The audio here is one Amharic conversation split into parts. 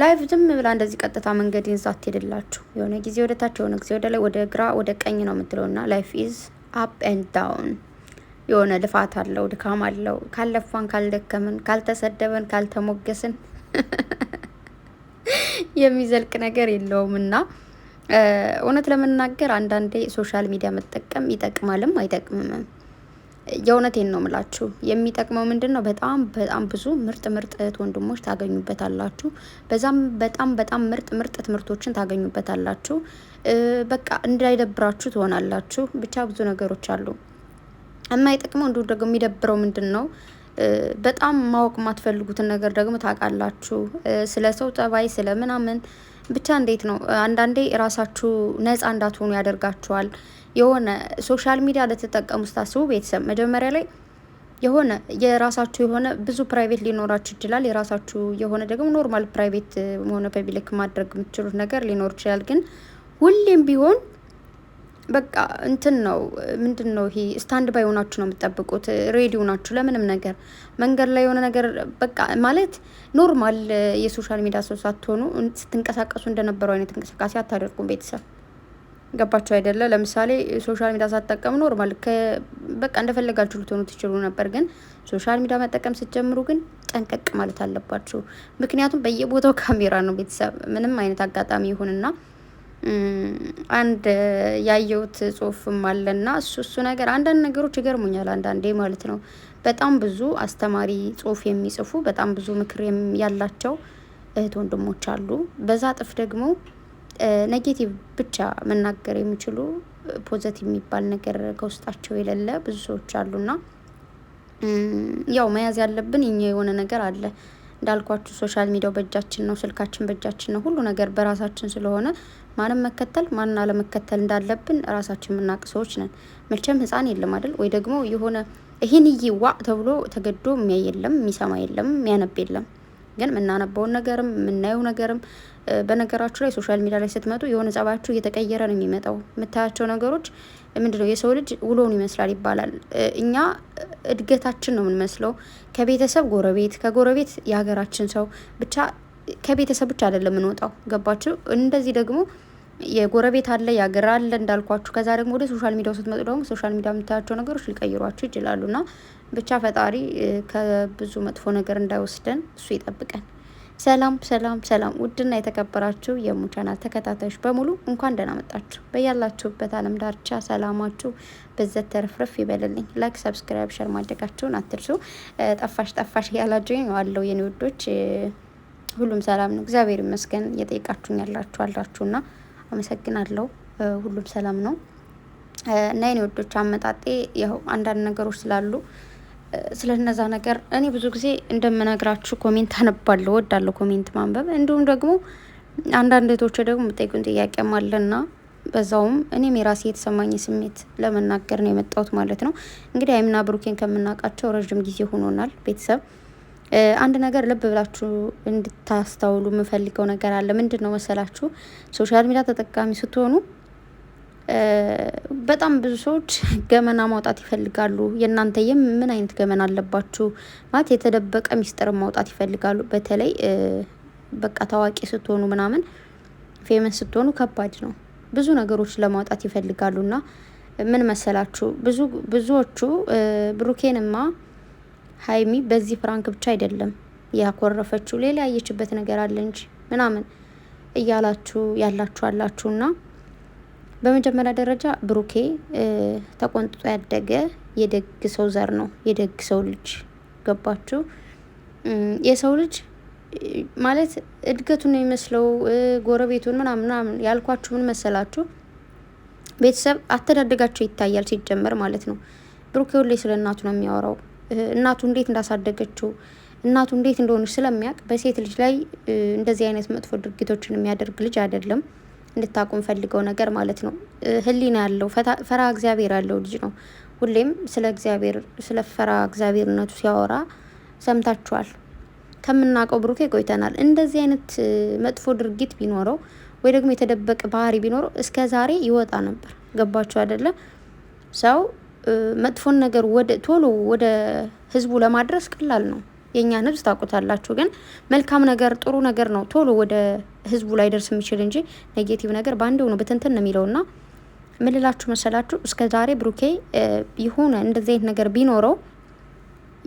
ላይቭ ዝም ብላ እንደዚህ ቀጥታ መንገድ ይንዛት ሄድላችሁ። የሆነ ጊዜ ወደ ታች፣ የሆነ ጊዜ ወደ ላይ፣ ወደ ግራ፣ ወደ ቀኝ ነው የምትለው ና ላይፍ ኢዝ አፕ ኤንድ ዳውን። የሆነ ልፋት አለው፣ ድካም አለው። ካልለፋን፣ ካልደከምን፣ ካልተሰደበን፣ ካልተሞገስን የሚዘልቅ ነገር የለውም እና እውነት ለመናገር አንዳንዴ ሶሻል ሚዲያ መጠቀም ይጠቅማልም አይጠቅምምም። የእውነቴን ነው ምላችሁ። የሚጠቅመው ምንድን ነው? በጣም በጣም ብዙ ምርጥ ምርጥ እህት ወንድሞች ታገኙበታላችሁ። በዛም በጣም በጣም ምርጥ ምርጥ ትምህርቶችን ታገኙበታላችሁ። በቃ እንዳይደብራችሁ ትሆናላችሁ። ብቻ ብዙ ነገሮች አሉ። የማይጠቅመው እንዲሁ ደግሞ የሚደብረው ምንድን ነው? በጣም ማወቅ የማትፈልጉትን ነገር ደግሞ ታውቃላችሁ። ስለ ሰው ጠባይ፣ ስለ ምናምን ብቻ እንዴት ነው አንዳንዴ ራሳችሁ ነጻ እንዳትሆኑ ያደርጋችኋል። የሆነ ሶሻል ሚዲያ ለተጠቀሙ ስታስቡ ቤተሰብ መጀመሪያ ላይ የሆነ የራሳችሁ የሆነ ብዙ ፕራይቬት ሊኖራችሁ ይችላል። የራሳችሁ የሆነ ደግሞ ኖርማል ፕራይቬት ሆነ ፐብሊክ ማድረግ የምትችሉት ነገር ሊኖር ይችላል። ግን ሁሌም ቢሆን በቃ እንትን ነው ምንድን ነው ይሄ ስታንድ ባይ ሆናችሁ ነው የምትጠብቁት፣ ሬዲ ሆናችሁ ለምንም ነገር መንገድ ላይ የሆነ ነገር በቃ ማለት ኖርማል የሶሻል ሚዲያ ሰው ሳትሆኑ ስትንቀሳቀሱ እንደነበሩ አይነት እንቅስቃሴ አታደርጉም። ቤተሰብ ገባቸው አይደለ? ለምሳሌ ሶሻል ሚዲያ ሳትጠቀሙ ኖርማል በቃ እንደፈለጋችሁ ልትሆኑ ትችሉ ነበር። ግን ሶሻል ሚዲያ መጠቀም ስትጀምሩ ግን ጠንቀቅ ማለት አለባችሁ። ምክንያቱም በየቦታው ካሜራ ነው ቤተሰብ ምንም አይነት አጋጣሚ ይሁንና አንድ ያየሁት ጽሁፍም አለና እሱ እሱ ነገር አንዳንድ ነገሮች ይገርሙኛል። አንዳንዴ ማለት ነው በጣም ብዙ አስተማሪ ጽሁፍ የሚጽፉ በጣም ብዙ ምክር ያላቸው እህት ወንድሞች አሉ። በዛ ጥፍ ደግሞ ኔጌቲቭ ብቻ መናገር የሚችሉ ፖዘቲቭ የሚባል ነገር ከውስጣቸው የሌለ ብዙ ሰዎች አሉና ያው መያዝ ያለብን እኛ የሆነ ነገር አለ እንዳልኳችሁ ሶሻል ሚዲያው በእጃችን ነው፣ ስልካችን በእጃችን ነው፣ ሁሉ ነገር በራሳችን ስለሆነ ማንም መከተል ማንን አለመከተል እንዳለብን ራሳችን የምናውቅ ሰዎች ነን። መቼም ህፃን የለም አይደል? ወይ ደግሞ የሆነ ይህን ይዋ ተብሎ ተገዶ የሚያይ የለም፣ የሚሰማ የለም፣ የሚያነብ የለም። ግን የምናነበውን ነገርም የምናየው ነገርም በነገራችሁ ላይ ሶሻል ሚዲያ ላይ ስትመጡ የሆነ ጸባያችሁ እየተቀየረ ነው የሚመጣው። የምታያቸው ነገሮች ምንድነው? የሰው ልጅ ውሎን ይመስላል ይባላል። እኛ እድገታችን ነው የምንመስለው። ከቤተሰብ ጎረቤት፣ ከጎረቤት የሀገራችን ሰው ብቻ ከቤተሰብ ብቻ አይደለም እንወጣው፣ ገባችሁ? እንደዚህ ደግሞ የጎረቤት አለ ያገር አለ እንዳልኳችሁ። ከዛ ደግሞ ወደ ሶሻል ሚዲያው ስትመጡ ደግሞ ሶሻል ሚዲያ የምታያቸው ነገሮች ሊቀይሯችሁ ይችላሉ። ና ብቻ ፈጣሪ ከብዙ መጥፎ ነገር እንዳይወስደን እሱ ይጠብቀን። ሰላም ሰላም ሰላም! ውድና የተከበራችሁ የሙ ቻናል ተከታታዮች በሙሉ እንኳን ደህና መጣችሁ። በያላችሁበት አለም ዳርቻ ሰላማችሁ በዘት ተረፍረፍ ይበልልኝ። ላይክ፣ ሰብስክራይብ፣ ሸር ማድረጋችሁን አትርሱ። ጠፋሽ ጠፋሽ ያላችሁ ዋለው የኔ ውዶች ሁሉም ሰላም ነው? እግዚአብሔር ይመስገን። እየጠየቃችሁኝ ያላችሁ አላችሁና አመሰግናለሁ። ሁሉም ሰላም ነው እና የኔ ወዶች አመጣጤ ያው አንዳንድ ነገሮች ስላሉ ስለ እነዛ ነገር እኔ ብዙ ጊዜ እንደምነግራችሁ ኮሜንት አነባለሁ፣ ወዳለሁ ኮሜንት ማንበብ። እንዲሁም ደግሞ አንዳንድ እህቶች ደግሞ ጠይቁን ጥያቄም አለና በዛውም እኔም የራሴ የተሰማኝ ስሜት ለመናገር ነው የመጣሁት ማለት ነው። እንግዲህ አይምና ብሩኬን ከምናውቃቸው ረዥም ጊዜ ሆኖናል ቤተሰብ አንድ ነገር ልብ ብላችሁ እንድታስተውሉ የምፈልገው ነገር አለ። ምንድን ነው መሰላችሁ? ሶሻል ሚዲያ ተጠቃሚ ስትሆኑ በጣም ብዙ ሰዎች ገመና ማውጣት ይፈልጋሉ። የም ምን አይነት ገመና አለባችሁ ማለት የተደበቀ ሚስጥር ማውጣት ይፈልጋሉ። በተለይ በቃ ታዋቂ ስትሆኑ ምናምን ፌመስ ስትሆኑ ከባድ ነው። ብዙ ነገሮች ለማውጣት ይፈልጋሉና ምን መሰላችሁ ብዙ ብዙዎቹ ብሩኬንማ ሀይሚ በዚህ ፍራንክ ብቻ አይደለም ያኮረፈችው ሌላ ያየችበት ነገር አለ እንጂ ምናምን እያላችሁ ያላችሁ አላችሁና በመጀመሪያ ደረጃ ብሩኬ ተቆንጥጦ ያደገ የደግ ሰው ዘር ነው፣ የደግ ሰው ልጅ ገባችሁ? የሰው ልጅ ማለት እድገቱን ነው የሚመስለው ጎረቤቱን ምናምን ምናምን ያልኳችሁ ምን መሰላችሁ? ቤተሰብ አተዳደጋቸው ይታያል ሲጀመር ማለት ነው። ብሩኬ ሁሌ ስለ እናቱ ነው የሚያወራው። እናቱ እንዴት እንዳሳደገችው እናቱ እንዴት እንደሆነች ስለሚያውቅ በሴት ልጅ ላይ እንደዚህ አይነት መጥፎ ድርጊቶችን የሚያደርግ ልጅ አይደለም። እንድታቁም ፈልገው ነገር ማለት ነው። ህሊና ያለው ፈራ እግዚአብሔር ያለው ልጅ ነው። ሁሌም ስለ እግዚአብሔር ስለ ፈራ እግዚአብሔርነቱ ሲያወራ ሰምታችኋል። ከምናውቀው ብሩኬ ቆይተናል። እንደዚህ አይነት መጥፎ ድርጊት ቢኖረው ወይ ደግሞ የተደበቀ ባህሪ ቢኖረው እስከ ዛሬ ይወጣ ነበር። ገባችሁ አይደለም ሰው መጥፎን ነገር ወደ ቶሎ ወደ ህዝቡ ለማድረስ ቀላል ነው። የእኛን ህዝብ ታውቁታላችሁ። ግን መልካም ነገር ጥሩ ነገር ነው ቶሎ ወደ ህዝቡ ላይ ደርስ የሚችል እንጂ ኔጌቲቭ ነገር በአንድ ሆኖ በትንትን ና ምልላችሁ መሰላችሁ። እስከ ዛሬ ብሩኬ የሆነ እንደዚህ አይነት ነገር ቢኖረው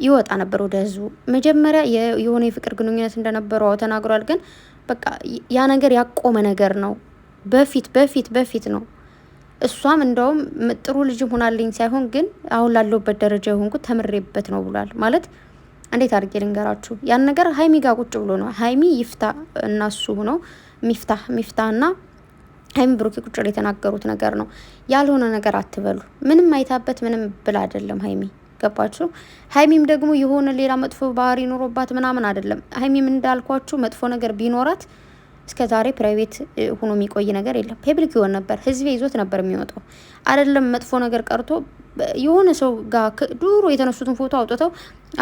ይወጣ ነበር ወደ ህዝቡ። መጀመሪያ የሆነ የፍቅር ግንኙነት እንደነበረው ተናግሯል። ግን በቃ ያ ነገር ያቆመ ነገር ነው። በፊት በፊት በፊት ነው እሷም እንደውም ጥሩ ልጅም ሆናልኝ ሳይሆን ግን አሁን ላለሁበት ደረጃ የሆንኩት ተምሬበት ነው ብሏል። ማለት እንዴት አድርጌ ልንገራችሁ? ያን ነገር ሀይሚ ጋር ቁጭ ብሎ ነው ሀይሚ ይፍታ እና እሱ ሚፍታ ሚፍታ ሚፍታህ እና ሀይሚ ብሩኬ ቁጭ ብሎ የተናገሩት ነገር ነው። ያልሆነ ነገር አትበሉ። ምንም አይታበት ምንም ብል አይደለም ሀይሚ ገባችሁ። ሀይሚም ደግሞ የሆነ ሌላ መጥፎ ባህሪ ኖሮባት ምናምን አይደለም። ሀይሚም እንዳልኳችሁ መጥፎ ነገር ቢኖራት እስከ ዛሬ ፕራይቬት ሆኖ የሚቆይ ነገር የለም። ፐብሊክ ይሆን ነበር፣ ህዝቤ ይዞት ነበር የሚወጣው። አይደለም መጥፎ ነገር ቀርቶ የሆነ ሰው ጋር ዱሮ የተነሱትን ፎቶ አውጥተው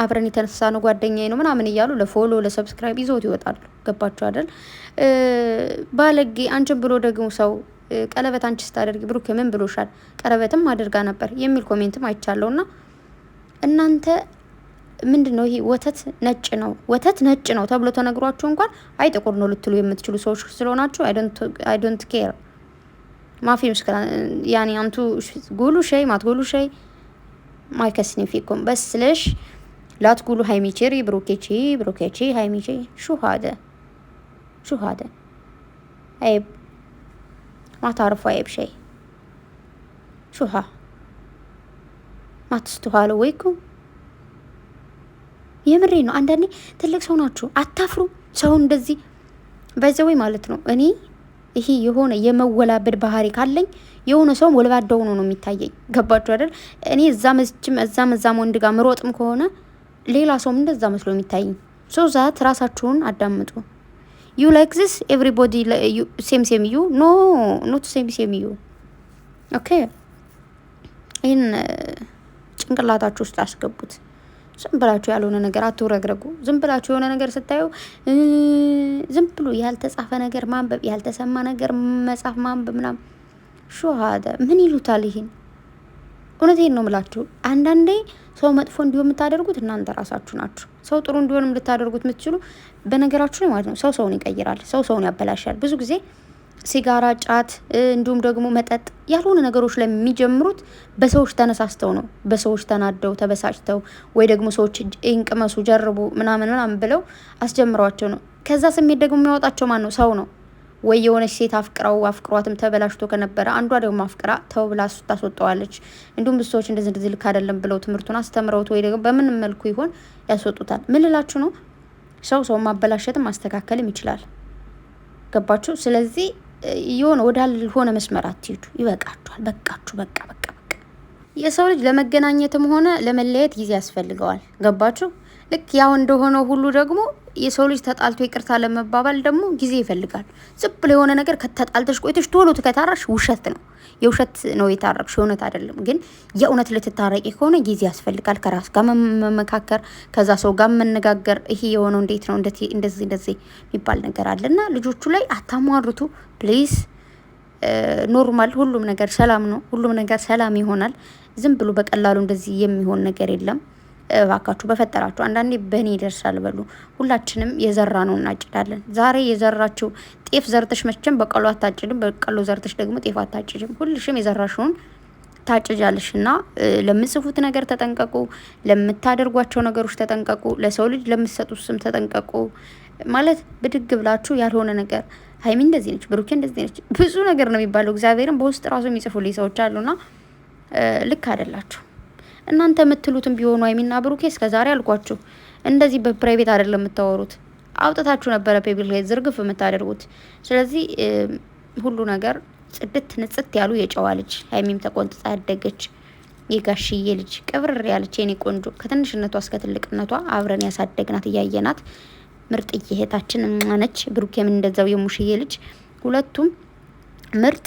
አብረን የተነሳ ነው ጓደኛዬ ነው ምናምን እያሉ ለፎሎ ለሰብስክራይብ ይዘውት ይወጣሉ። ገባችሁ አይደል? ባለጌ አንቺን ብሎ ደግሞ ሰው ቀለበት አንቺ ስታደርጊ ብሩክ ምን ብሎሻል? ቀለበትም አድርጋ ነበር የሚል ኮሜንትም አይቻለውና እናንተ ምንድን ነው ይሄ ወተት ነጭ ነው ወተት ነጭ ነው ተብሎ ተነግሯችሁ እንኳን አይ ጥቁር ነው ልትሉ የምትችሉ ሰዎች ስለሆናችሁ አይ ዶንት ኬር ማፊ ምስክራ ያኒ አንቱ ጉሉ ሸይ ማትጉሉ ሸይ ማይከስኒ ፊኩም በስለሽ ላትጉሉ ሀይሚቼሪ ብሩኬቺ ብሩኬቺ ሀይሚቼ ሹሃደ ሹሃደ አይብ ማታርፎ አይብ ሸይ ሹሃ ማትስቱሃሉ ወይኩም የምሬ ነው። አንዳንዴ ትልቅ ሰው ናችሁ አታፍሩ። ሰው እንደዚህ በዚያው ማለት ነው። እኔ ይሄ የሆነ የመወላበድ ባህሪ ካለኝ የሆነ ሰው ወልባዳ ሆኖ ነው የሚታየኝ። ገባችሁ አይደል? እኔ እዛ መስችም እዛም እዛም ወንድ ጋር ምሮጥም ከሆነ ሌላ ሰውም እንደዛ መስሎ የሚታየኝ። ሶ ዛት ራሳችሁን አዳምጡ። ዩ ላይክ ዚስ ኤቭሪቦዲ ሴም ሴም ዩ ኖ ኖት ሴም ሴም ዩ ኦኬ። ይህን ጭንቅላታችሁ ውስጥ አስገቡት። ዝም ብላችሁ ያልሆነ ነገር አትውረግረጉ። ዝም ብላችሁ የሆነ ነገር ስታዩ ዝም ብሎ ያልተጻፈ ነገር ማንበብ፣ ያልተሰማ ነገር መጻፍ ማንበብ ምናምን ሹሃደ ምን ይሉታል? ይሄን እውነቴን ነው ምላችሁ። አንዳንዴ ሰው መጥፎ እንዲሆን የምታደርጉት እናንተ ራሳችሁ ናችሁ። ሰው ጥሩ እንዲሆንም ልታደርጉት የምትችሉ በነገራችሁ ማለት ነው። ሰው ሰውን ይቀይራል። ሰው ሰውን ያበላሻል ብዙ ጊዜ ሲጋራ፣ ጫት እንዲሁም ደግሞ መጠጥ ያልሆኑ ነገሮች ላይ የሚጀምሩት በሰዎች ተነሳስተው ነው። በሰዎች ተናደው ተበሳጭተው ወይ ደግሞ ሰዎች ይንቅመሱ፣ ጀርቡ ምናምን ምናምን ብለው አስጀምረዋቸው ነው። ከዛ ስሜት ደግሞ የሚያወጣቸው ማን ነው? ሰው ነው። ወይ የሆነች ሴት አፍቅረው አፍቅሯትም ተበላሽቶ ከነበረ አንዷ ደግሞ አፍቅራ ተው ብላ ታስወጠዋለች። እንዲሁም ብዙ ሰዎች እንደዚህ እንደዚህ ልክ አይደለም ብለው ትምህርቱን አስተምረውት ወይ ደግሞ በምን መልኩ ይሆን ያስወጡታል። ምን ልላችሁ ነው? ሰው ሰው ማበላሸትም ማስተካከልም ይችላል። ገባችሁ? ስለዚህ የሆነ ወዳልሆነ መስመር አትሄዱ። ይበቃችኋል። በቃችሁ። በቃ በቃ በቃ። የሰው ልጅ ለመገናኘትም ሆነ ለመለየት ጊዜ ያስፈልገዋል። ገባችሁ? ልክ ያው እንደሆነ ሁሉ ደግሞ የሰው ልጅ ተጣልቶ ይቅርታ ለመባባል ደግሞ ጊዜ ይፈልጋል። ዝም ብሎ የሆነ ነገር ከተጣልተሽ ቆይተሽ ቶሎ ከታረቅሽ ውሸት ነው፣ የውሸት ነው የታረቅሽ፣ የእውነት አይደለም። ግን የእውነት ልትታረቂ ከሆነ ጊዜ ያስፈልጋል። ከራስ ጋር መመካከር፣ ከዛ ሰው ጋር መነጋገር። ይሄ የሆነው እንዴት ነው እንደዚህ እንደዚህ የሚባል ነገር አለ እና ልጆቹ ላይ አታሟርቱ ፕሊዝ። ኖርማል ሁሉም ነገር ሰላም ነው። ሁሉም ነገር ሰላም ይሆናል። ዝም ብሎ በቀላሉ እንደዚህ የሚሆን ነገር የለም። እባካችሁ በፈጠራችሁ አንዳንዴ በእኔ ይደርሳል በሉ። ሁላችንም የዘራ ነው እናጭዳለን። ዛሬ የዘራችው ጤፍ ዘርተሽ መቼም በቀሎ አታጭድም፣ በቀሎ ዘርተሽ ደግሞ ጤፍ አታጭድም። ሁልሽም የዘራሽውን ታጭጃለሽ። እና ለምጽፉት ነገር ተጠንቀቁ፣ ለምታደርጓቸው ነገሮች ተጠንቀቁ፣ ለሰው ልጅ ለምትሰጡት ስም ተጠንቀቁ። ማለት ብድግ ብላችሁ ያልሆነ ነገር ሀይሚ እንደዚህ ነች፣ ብሩኬ እንደዚህ ነች፣ ብዙ ነገር ነው የሚባለው። እግዚአብሔርን በውስጥ ራሱ የሚጽፉልኝ ሰዎች አሉና ልክ አይደላችሁ። እናንተ የምትሉትም ቢሆኑ ሀይሚና ብሩኬ እስከዛሬ አልኳችሁ፣ እንደዚህ በፕራይቬት አይደለም የምታወሩት፣ አውጥታችሁ ነበረ ፔብል ላይ ዝርግፍ የምታደርጉት። ስለዚህ ሁሉ ነገር ጽድት ንጽት ያሉ የጨዋ ልጅ ሀይሚም ተቆንጥጣ ያደገች የጋሽዬ ልጅ ቅብር ያለች የኔ ቆንጆ ከትንሽነቷ እስከ ትልቅነቷ አብረን ያሳደግናት እያየናት ምርጥ እህታችን ነች። ብሩኬም እንደዛው የሙሽዬ ልጅ ሁለቱም ምርጥ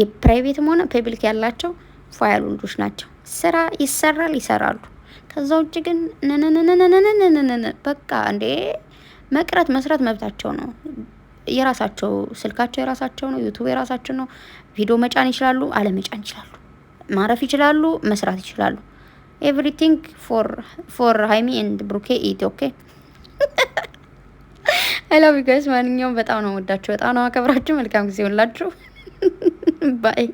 የፕራይቬትም ሆነ ፐብሊክ ያላቸው ፏ ያሉ ልጆች ናቸው። ስራ ይሰራል፣ ይሰራሉ። ከዛ ውጭ ግን ንንንንንንንንን በቃ እንዴ መቅረት መስራት መብታቸው ነው። የራሳቸው ስልካቸው የራሳቸው ነው። ዩቱብ የራሳቸው ነው። ቪዲዮ መጫን ይችላሉ፣ አለመጫን ይችላሉ። ማረፍ ይችላሉ፣ መስራት ይችላሉ። ኤቭሪቲንግ ፎር ፎር ሃይሚ ኤንድ ብሩኬ ኢት ኦኬ አይ ላቭ ዩ ጋይስ። ማንኛውም በጣም ነው ወዳችሁ፣ በጣም ነው አከብራችሁ። መልካም ጊዜ ሁላችሁ ባይ